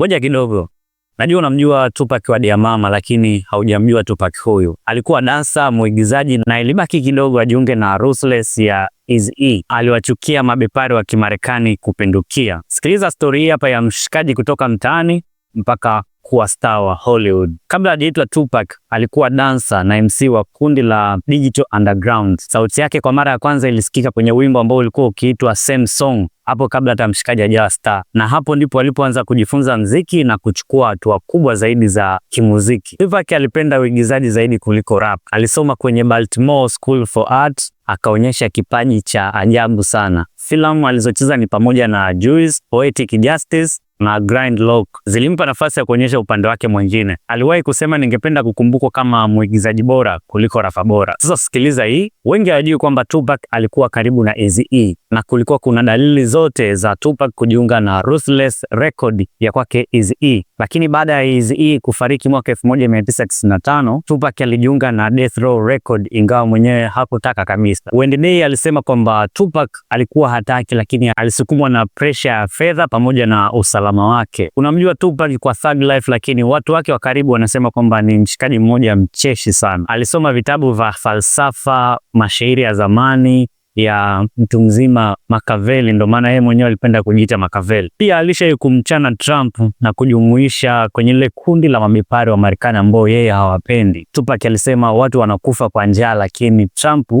Ngoja kidogo. Najua unamjua Tupac wa Diamama lakini haujamjua Tupac huyu. Alikuwa dansa, mwigizaji na ilibaki kidogo ajiunge na Ruthless ya Eazy-E. Aliwachukia mabepari wa Kimarekani kupindukia. Sikiliza stori hii hapa ya mshikaji kutoka mtaani mpaka kuwa star wa Hollywood. Kabla hajaitwa Tupac, alikuwa dansa na MC wa kundi la Digital Underground. Sauti yake kwa mara ya kwanza ilisikika kwenye wimbo ambao ulikuwa ukiitwa Same Song hapo kabla hata mshikaji ajawa star, na hapo ndipo alipoanza kujifunza mziki na kuchukua hatua kubwa zaidi za kimuziki. Tupac alipenda uigizaji zaidi kuliko rap. Alisoma kwenye Baltimore School for Art, akaonyesha kipaji cha ajabu sana. Filamu alizocheza ni pamoja na Juice, Poetic Justice na Grind Lock zilimpa nafasi ya kuonyesha upande wake mwingine. Aliwahi kusema, ningependa kukumbukwa kama mwigizaji bora kuliko rafa bora. Sasa sikiliza hii, wengi hawajui kwamba Tupac alikuwa karibu na Eazy-E na kulikuwa kuna dalili zote za Tupac kujiunga na Ruthless Record ya kwake Eazy-E, lakini baada ya Eazy-E kufariki mwaka 1995 Tupac alijiunga na Death Row Record, ingawa mwenyewe hakutaka kabisa. Wendy Day alisema kwamba Tupac alikuwa hataki, lakini alisukumwa na pressure ya fedha pamoja na usalama usalama wake. Unamjua Tupac kwa Thug Life, lakini watu wake wa karibu wanasema kwamba ni mshikaji mmoja mcheshi sana. Alisoma vitabu vya falsafa, mashairi ya zamani ya mtu mzima Makaveli, ndo maana yeye mwenyewe alipenda kujiita Makaveli. Pia alishawahi kumchana Trump na kujumuisha kwenye lile kundi la mamipari wa Marekani ambao yeye hawapendi. Tupac alisema watu wanakufa kwa njaa, lakini Trump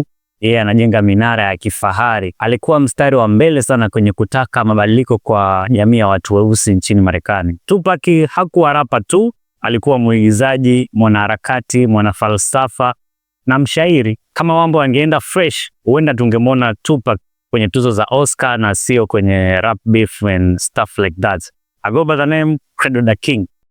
yeye yeah, anajenga minara ya kifahari. Alikuwa mstari wa mbele sana kwenye kutaka mabadiliko kwa jamii ya watu weusi nchini Marekani. Tupac hakuwa rapa tu, alikuwa mwigizaji, mwanaharakati, mwanafalsafa na mshairi. Kama mambo angeenda fresh, huenda tungemwona Tupac kwenye tuzo za Oscar na sio kwenye rap beef and stuff like that. I go by the name Credo the King.